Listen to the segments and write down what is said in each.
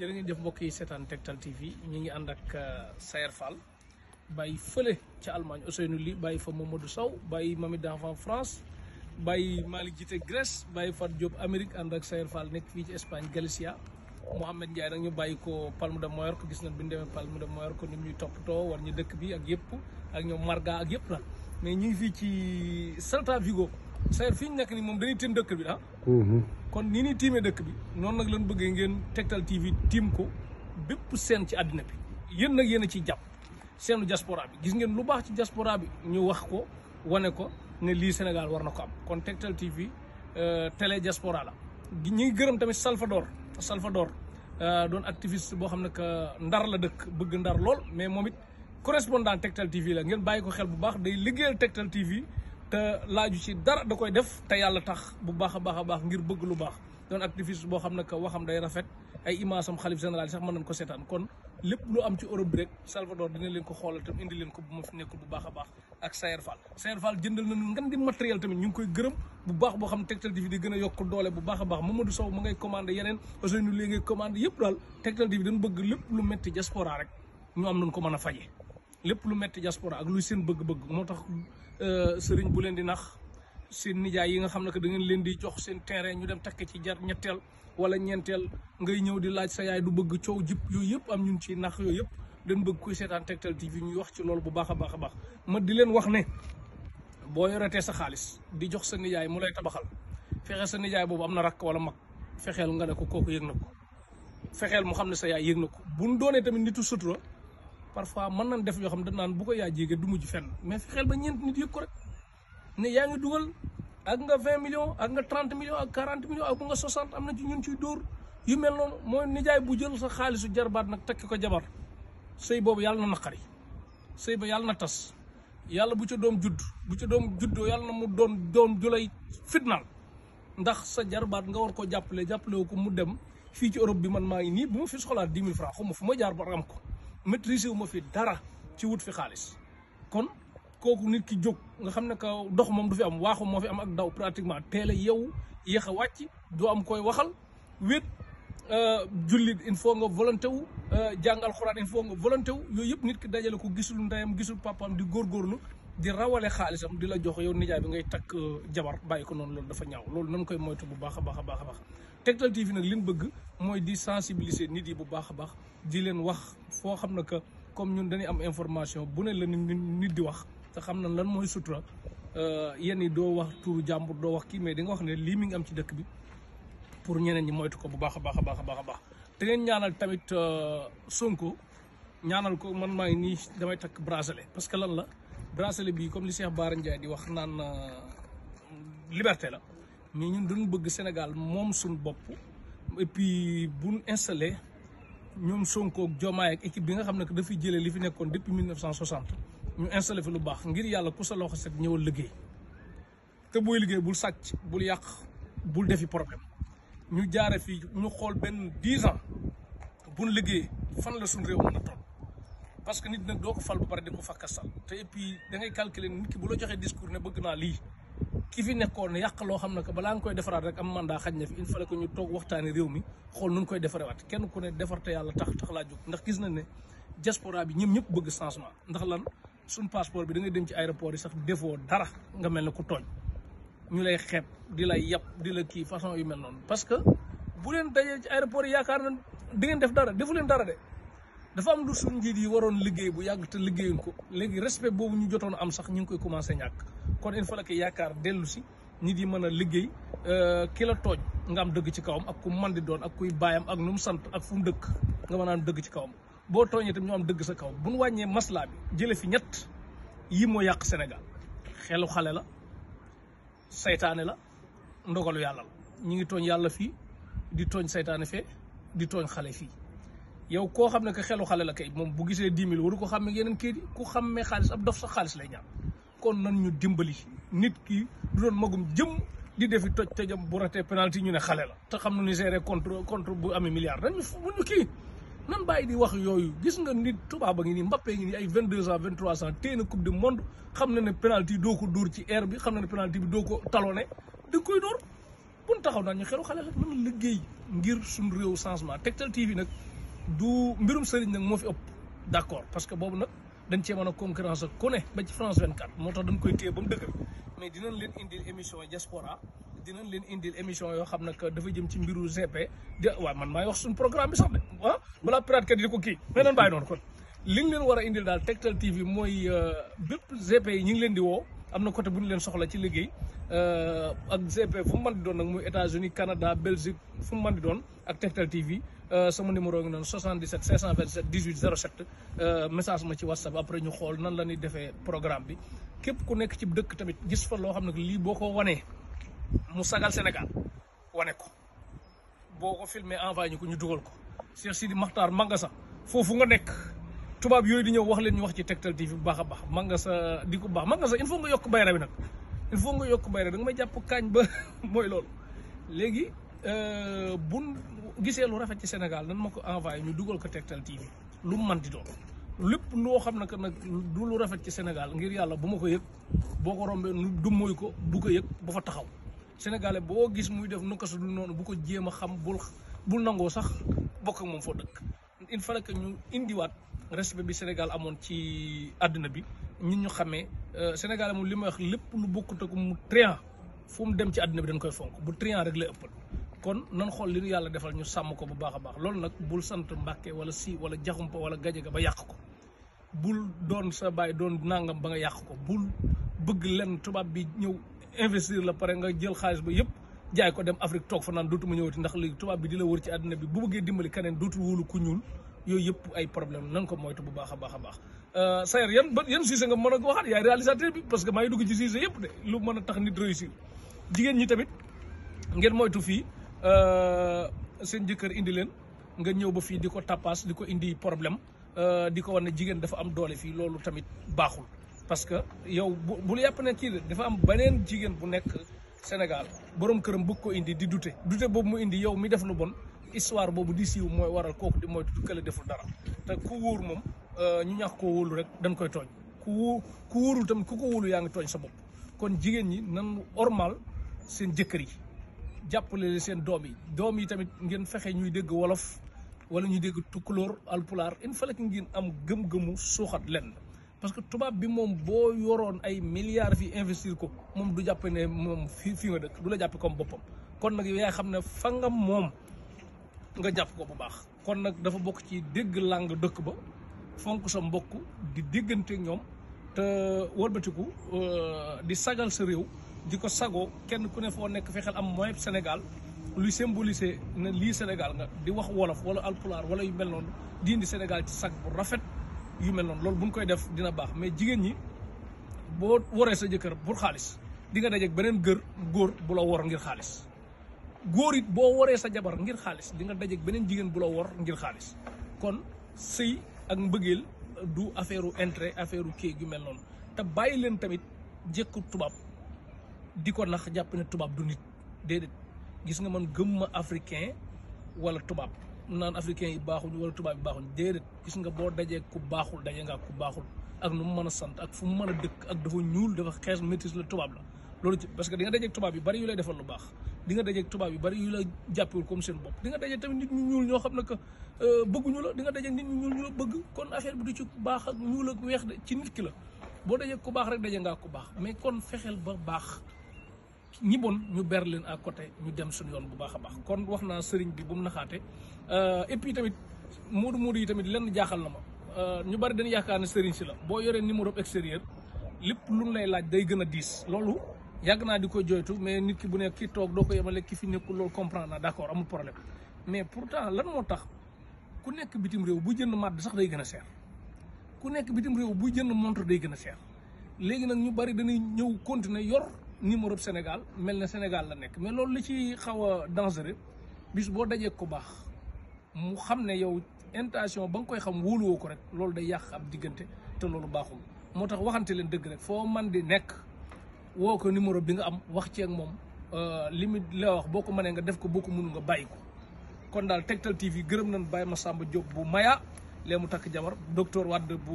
jërë ngeen jëf mbokk yi seetaan Tektal TV ñi ngi ànd ak euh, Sayer Fall bàyyi fële ca Allemagne Ousseynou Ly bàyyi fa Mamadou saw bàyyi Mami Danfa France bàyyi Malick Jité Grèce bàyyi fa Diop Amérique ànd ak Sayer Fall nekk fii ci Espagne Galicia Mouhamed Ndiaye nag ñu bàyyi ko Palme de Mallorca gis nañ bi ñu demee Palme de Mallorca ni ñuy toppatoo war ñu dëkk bi ak yëpp ak ñoom Marga ak yëpp la mais ñu ngi fii ci Celta Vigo cest à fi ñu nekk nii moom dañuy tiim dëkk bi ah. Mm-hmm. kon ni ñuy tiimee dëkk bi noonu nag lañ bëggee ngeen Tektal TV tiim ko bépp seen ci àddina bi yéen nag yéen a ciy jàpp seenu jasporaa bi gis ngeen lu baax ci diaspora bi ñu wax ko wane ko ne lii Sénégal war na ko am kon Tektal TV euh, télé diaspora la. ñu ngi gërëm tamit Salvador Salvador euh, doon activiste boo xam ne que ndar la dëkk bëgg ndar lool mais moom it correspondant Tektal TV la ngeen bàyyi ko xel bu baax day liggéeyal Tektal TV. te laaju ci dara da koy def te yàlla tax bu baax a baax a baax ngir bëgg lu baax doon activiste boo xam ne que waxam day rafet ay image am xalif général sax mën nañ ko seetaan kon lépp lu am ci Europe bi rek Salvador dina leen ko xoolal tam indi leen ko bu ma fi nekkul a baax ak Sayer Fall Sayer tamit ñu ngi koy gërëm bu baax boo xam ne Tektal TV di gën a yokk doole bu baax a baax Mamadou Sow ma ngay commandé yeneen Ousseynou léegi commandé yëpp daal Tektal TV bëgg lépp lu métti diaspora rek ñu am nañ ko mën a faje lépp lu metti diaspora ak luy seen bëgg-bëgg moo tax euh, sëriñ bu leen di nax seen nijaay yi nga xam ne que da ngeen leen di jox seen terrain ñu dem takk ci jar ñetteel wala ñeenteel ngay ñëw di laaj sa yaay du bëgg coow jip yooyu yëpp am ñun ci nax yëpp dañ bëgg kuy seetaan Tektal TV ñuy wax ci loolu bu baax a baax ma di leen wax ne boo yoretee sa xaalis di jox sa nijaay mu lay tabaxal fexe sa nijaay boobu am na rakk wala mag fexeel nga ne ko kooku yëg na ko fexeel mu xam ne sa yaay yëg na ko bu ñu doonee tamit nitu sutura parfois mën nañ def yoo xam ne naan bu ko yaa jégee du mujj fenn mais fexeel ba ñeent nit yëg ko rek ne yaa ngi dugal ak nga 20 millions ak nga 30 millions ak 40 millions ak bu nga 60 am na ci ñun ciy dóor yu mel noonu mooy nijaay bu jël sa xaalisu jarbaat nag takki ko jabar sëy boobu yàlla na naqari sëy ba yàlla na tas yàlla bu ca doom judd bu ca doom juddoo yàlla na mu doon doom ju lay fitnaal ndax sa jarbaat nga war ko jàppale jàppale ko mu dem fii ci Europe bi man maa ngi nii bu ma soxlaa 10 000 francs xaw ma fu ma jaar ba am ko. maîtriser wu ma fi dara ci wut fi xaalis kon kooku nit ki jóg nga xam ne kaw dox moom du fi am waaxu moo fi am ak daw pratiquement teel a yeewu yéex a wàcc doo am koy waxal wéet euh, jullit il faut nga volonté wu euh, jàng alxuraan il faut nga volonté wu yooyu yëpp nit ki dajale ko gisul ndeyam gisul papaam di góorgóorlu di rawale xaalisam di la jox yow nijaay bi ngay takk euh, jabar bàyyi ko noonu loolu dafa ñaaw loolu nan koy moytu bu baax a baax a baax a baax Tektal TV nag li ñu bëgg mooy di sensibiliser nit yi bu baax a baax di leen wax foo xam ne que comme ñun dañuy am information bu ne la nit di wax te xam na lan mooy sutura euh, yenn yi doo wax turu jàmbur doo wax kii mais di wax ne lii mi ngi am ci dëkk bi pour ñeneen ñi moytu ko bu baax a baax a baax a baax a baax te ngeen ñaanal tamit euh, Sonko ñaanal ko man maa ngi nii damay takk bracelet parce que lan la bracelet bi comme li Cheikh Bara Ndiaye di wax naan euh, liberté la. mais ñu dañu bëgg Sénégal moom suñu bopp et puis installé ñoom Sonko ak Diomaye ak équipe nga xam ne que dafay jëlee li fi nekkoon depuis 1960 ñu installé fi lu baax ngir yàlla ku sa loxo set ñëwal liggéey te booy liggéey bul sàcc bul yàq bul defi problème ñu jaare fii ñu xool benn dix ans buñ liggéey fan la suñu réew mën a toll parce que nit nag doo ko fal ba pare di ko fakkasal te et puis da ngay calculer nit ki bu la joxee discours ne bëgg naa lii ki fi nekkoon yàq loo xam ne ko balaa nga koy defaraat rek am mandat xaj na fi il fallait ko ñu toog waxtaani réew mi xool nu ñu koy defarewaat kenn ku ne defar te yàlla tax tax laa jóg ndax gis nañ ne diaspora bi ñoom ñëpp bëgg changement ndax lan suñ passeport bi dangay dem ci aéroport yi sax defoo dara nga mel ne ku tooñ ñu lay xeeb di lay yàpp di la kii façon yu mel noonu parce que bu leen dajee ci aéroport yi yaakaar na di ngeen def dara defu leen dara dafa am lu suñu njiit yi waroon liggéey bu yàgg te liggéeyuñ ko léegi respect boobu ñu jotoon am sax ñu ngi koy commencé ñàkk kon il faut que yaakaar dellu si nit yi mën a liggéey euh, ki la tooñ nga am dëgg ci kawam ak ku man di doon ak kuy baayam ak nu mu sant ak fu mu dëkk nga mën a am dëgg ci kawam boo tooñee tam ñu am dëgg sa kaw bu ñu wàññee maslaa bi jële fi ñett yi moo yàq senegal xelu xale la saytaane la ndogolu yàlla la ñu ngi tooñ yàlla fii di tooñ saytaane fee di tooñ xale fii yow koo xam ne que xelu xale la kay moom bu gisee dix mille waru ko xam yeneen kayit yi ku xàmmee xaalis ab dof sax xaalis lay ñaan kon nan ñu dimbali nit ki du doon magum jëm di defi toj tojam bu ratee penalty ñu ne xale la te xam na ni gérer contre contre bu amee milliard dañu ñu kii nan bàyyi di wax yooyu gis nga nit tubaab a ngi nii Mbappé ngi ay vingt deux ans vingt trois ans téye na coupe du monde xam na ne penalty doo ko dóor ci air bi xam na ne penalty bi doo ko talonné da koy dóor bu ñu taxaw naan ñu xelu xale la mën liggéey ngir suñu réew changement Tektal TV nag du mbirum sëriñ nag moo fi ëpp d' accord parce que boobu nag dañ cee mën a concurrence ak ku ne ba ci France 24 moo tax dañ koy téye ba mu dëgër mais dinañ leen indil émission diaspora dinañ leen indil émission yoo xam nag dafa jëm ci mbiru GP di waaw man maay wax suñu programme bi sax de ah balaa pirate kat yi di ko kii mais nan bàyyi noonu kon li ñu leen war a indil daal Tektal TV mooy euh, bépp GP yi ñu ngi leen di woo am na côté bu ñu leen soxla ci liggéey euh, ak GP fu mu mën di doon nag muy États-Unis Canada Belgique fu mu mën di doon ak Tektal TV Euh, sama numéro ngi noonu 77 527 18 07 message ma ci whatsapp après ñu xool nan la ñuy defee programme bi képp ku nekk ci dëkk tamit gis fa loo xam ne lii boo ko wanee mu sagal Sénégal wane ko boo ko filmé envoyé ñu ñu dugal ko si Cheikh Sidi Makhtar Mangasa foofu nga nekk tubaab yooyu di ñëw wax leen ñu wax ci Tektal TV bu baax a baax Mangasa di ko baax Mangasa il faut nga yokk bayra bi nag il faut nga yokk bayra da nga may jàpp kaañ ba mooy loolu léegi Euh, bu gisee lu rafet ci Sénégal nan ma ko envoyé ñu dugal ko Tektal TV lu mu mën lépp loo xam ne que nag du lu rafet ci Sénégal ngir yàlla bu ma ko yëg boo ko rombee nu dummuy ko bu ko yëg ba fa taxaw sénégalais boo gis muy def nu ko su noonu bu ko jéem a xam bul bul nangoo sax bokk ak moom foo dëkk il fallait que ñu indiwaat respect bi Sénégal amoon ci àdduna bi ñun ñu xamee euh, Sénégal moom li ma lépp lu bokkut ak mu trian fu dem ci àdduna bi dañ koy fonk bu trian rek la ëppal kon nan xool li ñu yàlla defal ñu sàmm ko bu baax a baax loolu nag bul sant mbàkke wala si wala jaxumpa wala gajaga ba yàq ko bul doon sa baay doon nangam ba nga yàq ko bul bëgg lenn tubaab bi ñëw investir la pare nga jël xaalis ba yëpp jaay ko dem Afrique toog fa naan dootuma ndax léegi tubaab bi di la wër ci àddina bi bu bëggee dimbali keneen dootul wóolu ku ñuul yooyu yëpp ay problème nan ko moytu bu baax a baax a baax euh, Sayer yan ba yan Cissé nga mën a waxaat yaay réalisateur bi parce que maa dugg ci Cissé yëpp de lu a tax nit réussir jigéen ñi tamit ngeen moytu fii Euh, seen jëkkër indi leen nga ñëw ba fii di ko tappaas di ko indi problème euh, di ko wan ne jigéen dafa am doole fii loolu tamit baaxul parce que yow bu bu yàpp ne kii dafa am beneen jigéen bu nekk Sénégal borom këram bëgg ko indi di dute dute boobu mu indi yow mi def lu bon histoire boobu di siiw mooy waral kooku di mooy kële deful dara te ku wóor moom euh, ñu ñax koo wóolu rek dañ koy tooñ ku wóo ku tamit ku ko wóolu yaa ngi tooñ sa bopp kon jigéen ñi nan ormal seen jëkkër yi jàppale leen seen doom yi doom yi tamit ngeen fexe ñuy dégg wolof wala ñuy dégg tukkulóor alpulaar il fallait que ngeen am gëm-gëmu suuxat leen parce que tubaab bi moom boo yoroon ay milliards fi investir ko moom du jàpp ne moom fi fi nga dëkk du la jàpp comme boppam kon nag yow yaa xam ne fangam moom nga jàpp ko bu baax kon nag dafa bokk ci dégg làng dëkk ba fonk sa mbokk di déggante ñoom te wëlbatiku euh, di sagal sa réew di ko sagoo kenn ku ne foo nekk fexeel am mooy Sénégal luy symboliser na lii Sénégal nga di wax wolof wala alpulaar wala yu mel noonu di Sénégal ci sag bu rafet yu mel noonu loolu buñ koy def dina baax mais jigéen ñi boo waree sa jëkkër pour xaalis di nga dajeeg beneen gër góor bu la wor ngir xaalis góor it boo waree sa jabar ngir xaalis di nga dajeeg beneen jigéen bu la wor ngir xaalis kon sëy ak mbëggeel du affaire u intérêt affaire u kii yu mel noonu te bàyyi leen tamit jëkku tubaab di ko nax jàpp ne tubaab du nit déedéet gis nga man gëm africain wala tubaab naan africain yi baaxuñ wala tubaab yi baaxuñ déedéet gis nga boo dajee ku baaxul daje nga ku baaxul ak nu mu mën a sant ak fu mu mën a dëkk ak dafa ñuul dafa xees métis la tubaab la loolu parce que di nga dajeeg tubaab yu bari yu lay defal baax di nga dajeeg yu bari yu la jàppul comme bopp di nga dajeeg tamit nit ñu ñuul xam ne que euh, bëgguñu la di nga dajeeg nit ñu ñuul ñu bëgg kon affaire bi du ci baax ak ñuul ak weex de ci nit ki boo dajeeg ku baax rek daje ngaa ku baax mais kon fexeel ba baax ñi bon ñu ber leen à côté ñu dem suñu yoon bu baax a baax kon wax naa sëriñ bi bu mu naxaate euh, et tamit moodu moodu yi tamit lenn jaaxal na ma euh, ñu bari dañ yaakaar ne sëriñ si la boo yoree numéro extérieur lépp lu lay laaj day gën a diis loolu yàgg naa di ko joytu mais nit ki bu nekk ki toog doo ko yemale ki fi nekkul loolu comprendre naa d'accord amul problème mais pourtant lan moo tax ku nekk bitim réew bu jënd màdd sax day gën a seer ku nekk bitim réew buy jënd montre day gën a seer léegi nag ñu bari dañuy ñëw continuer yor numéro Sénégal mel na Sénégal la nekk mais loolu li ci xaw a dangereux bis boo dajee ko baax mu xam ne yow intention ba nga koy xam wóoluwoo ko rek loolu day yàq ab diggante te loolu baaxul moo tax waxante leen dëgg rek foo man di nekk woo ko numéro bi nga am wax ci ak moom euh, li mu la wax boo ko mënee nga def ko boo ko mënul nga bàyyi ko kon daal Tektal TV gërëm nañ ma sàmba Diop bu Maya lee mu takk jabar docteur Wade bu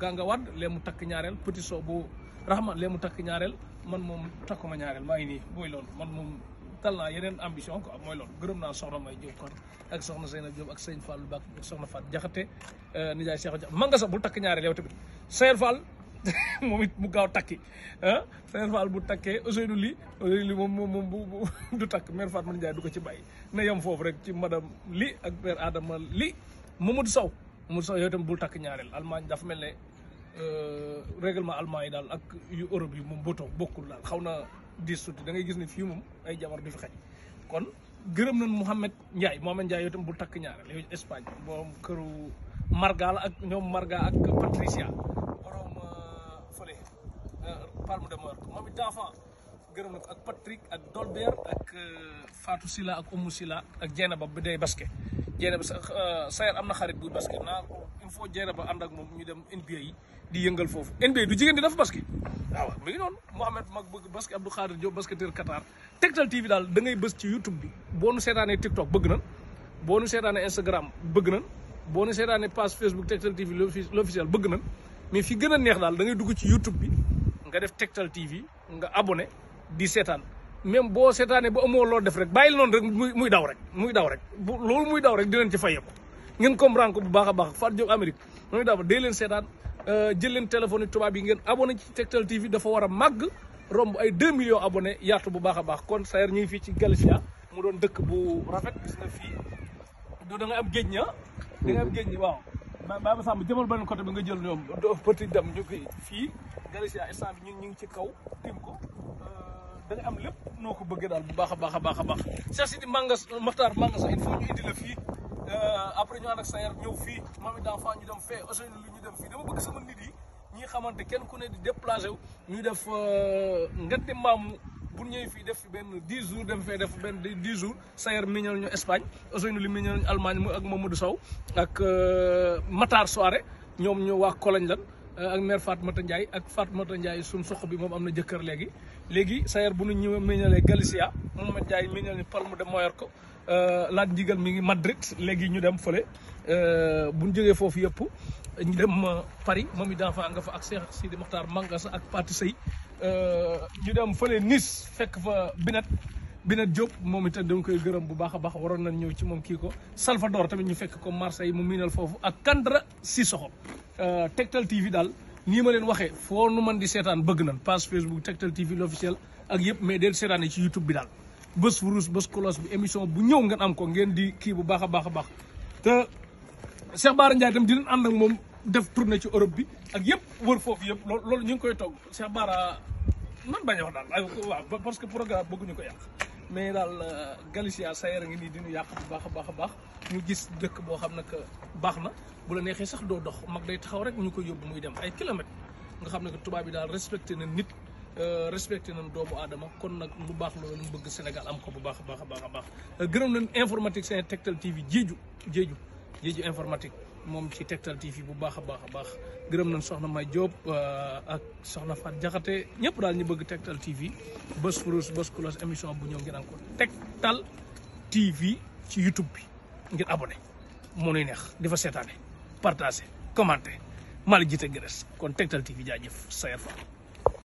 Ganga Wade lee mu takk ñaareel Petit Sow bu Rahma lee mu takk ñaareel man moom ma ñaareel maa ngi nii booy loolu man moom tal naa yeneen ambition quoi mooy loolu gërëm naa soxna May Diop kon ak soxna Seyna Diop ak Sëñ Fall Bak ak soxna Fat Jaxate euh, nijaay Cheikh Jax nga sax bul takk ñaareel yow tamit Seyna Fall moom it mu gaaw takki ah Seyna Fall bu takkee Ousseynou li li moom moom bu du takk mère Fatma Ndiaye du ko ci bàyyi na yem foofu rek ci madame li ak père Adama li Mamadou Sow Mamadou Sow yow tamit takk ñaareel Allemagne dafa mel ne Euh, règlement allemand yi daal ak yu Europe yi moom boto bokkul daal xaw na diis tuuti da ngay gis ne fii moom ay jabar du fi kon gërëm nañ Mouhamed Ndiaye Mouhamed Ndiaye yow tam bu takk ñaareel yooyu Espagne borom këru Marga la ak ñoom Marga ak Patricia borom euh, fële euh, Palme de Mallorca moom gërëm na ko ak Patrick ak Dolbert ak euh, Fatou Sila ak Oumou Sila ak Dieynaba bi day basket Dieynaba Sayer euh, am na xarit bu basket naa il faut Dieynaba ànd ak moom ñu dem NBA yi di yëngal foofu NBA du jigéen di def basket waaw mi ngi noonu Mouhamed mag bëgg basket Abdou Khadir Diop basketteur Qatar Tektal TV daal da ngay bës ci YouTube bi boo nu seetaanee TikTok bëgg nan boo nu seetaanee Instagram bëgg nan boo nu seetaanee page Facebook Tektal TV l'officiel bëgg nan mais fi gën a neex daal da ngay dugg ci YouTube bi nga def Tektal TV nga abonné di seetaan même boo seetaanee ba amoo loo def rek bàyyil noonu rek muy muy daw rek muy daw rek bu loolu muy daw rek dinañ ci fayee ko ngeen comprendre bu baax a baax Fatou Diop Amérique muy daw dee leen seetaan euh, jël leen téléphone yi tubaab yi ngeen abonné ci Tektal TV dafa war a màgg romb ay 2 millions abonné yaatu bu baax a baax kon sayer ñu ngi fii ci Galicia mu doon dëkk bu rafet gis na fii du da nga am géej ña da nga am géej ña waaw ba ba sàmm jëmal beneen côté bi nga jël ñoom petit dem ñu fii Galicia instant bi ñu ngi ci kaw da nga am lépp noo ko bëggee daal bu baax a baax a baax a baax Cheikh Sidi Manga Makhtar Manga sax il faut ñu indi la fii euh, après ñu ànd ak sa yar ñëw fii Mamy d'enfant ñu dem fee dama bëgg sama nit yi ñi xamante kenn ku ne di déplacé wu ñu def euh, ngante maamu bu ñëwee fii def fi benn dix jours dem fee def benn dix jours Sayer miinal ñu Espagne Ousseynou li miinal ñu Allemagne mu ak Mamadou Sow ak euh, Matar Soare ñoom ñu waa Cologne lan Euh, ak mère Fatmata Ndiaye ak Fatmata Ndiaye suñ sox bi moom am na jëkkër léegi léegi sayer bu nu ñëwee meññalee Galicia Mohamed Ndiaye meññalee Palme de Mallorca euh, laat njigal mi ngi Madrid léegi ñu dem fële euh, bu ñu jógee foofu yëpp ñu dem Paris moom it dafa nga fa ak Cheikh Sidi Mokhtar sa ak Pati Sey ñu dem fële Nice fekk fa Binet Binet Diop moom itam dañ koy gërëm bu baax a baax waroon nañ ñëw ci moom kii ko Salvador tamit ñu fekk ko Marseille mu miinal foofu ak Kandra Sissoko Euh, Tektal TV daal nii ma leen waxee foo nu man di seetaan bëgg nan page Facebook Tektal TV l'officiel ak yëpp mais del seetaan yi ci YouTube bi daal bés ruus bés kolos bi émission bu ñëw ngeen am ko ngeen di kii bu baax a baax a baax te Cheikh Bara Ndiaye tam dinañ ànd ak moom def tournée ci Europe bi ak yëpp wër foofu yëpp loolu ñu ngi koy togg Cheikh baara man bañ a wax daal waaw parce que programme bëgguñu ko yàq mais daal euh, Galicia Sayar ngi nii di ñu yàq bu baax a baax a baax ñu gis dëkk boo xam ne que baax na bu la neexee sax doo dox mag day taxaw rek ñu ko yóbbu muy dem ay kilomètres nga xam ne que tubaab yi daal respecté na nit euh, respecté nañ doomu aadama kon nag lu baax loolu ñu bëgg Sénégal am ko bu baax a baax a baax a baax euh, gërëm nañ informatique seen Tektal TV jéeju jéeju jéeju informatique. moom ci Tektal TV bu baax a baax a baax gërëm nañ soxna May Diop euh, ak soxna Fat Jaxate ñëpp daal ñu bëgg Tektal TV bas kurus bés kulos émission bu ñëw ngeen am ko Tektal TV ci YouTube bi ngir abonné moo nuy neex di seetaane partagé commenté maa la jiite gërës kon Tektal TV jaajëf sayar fa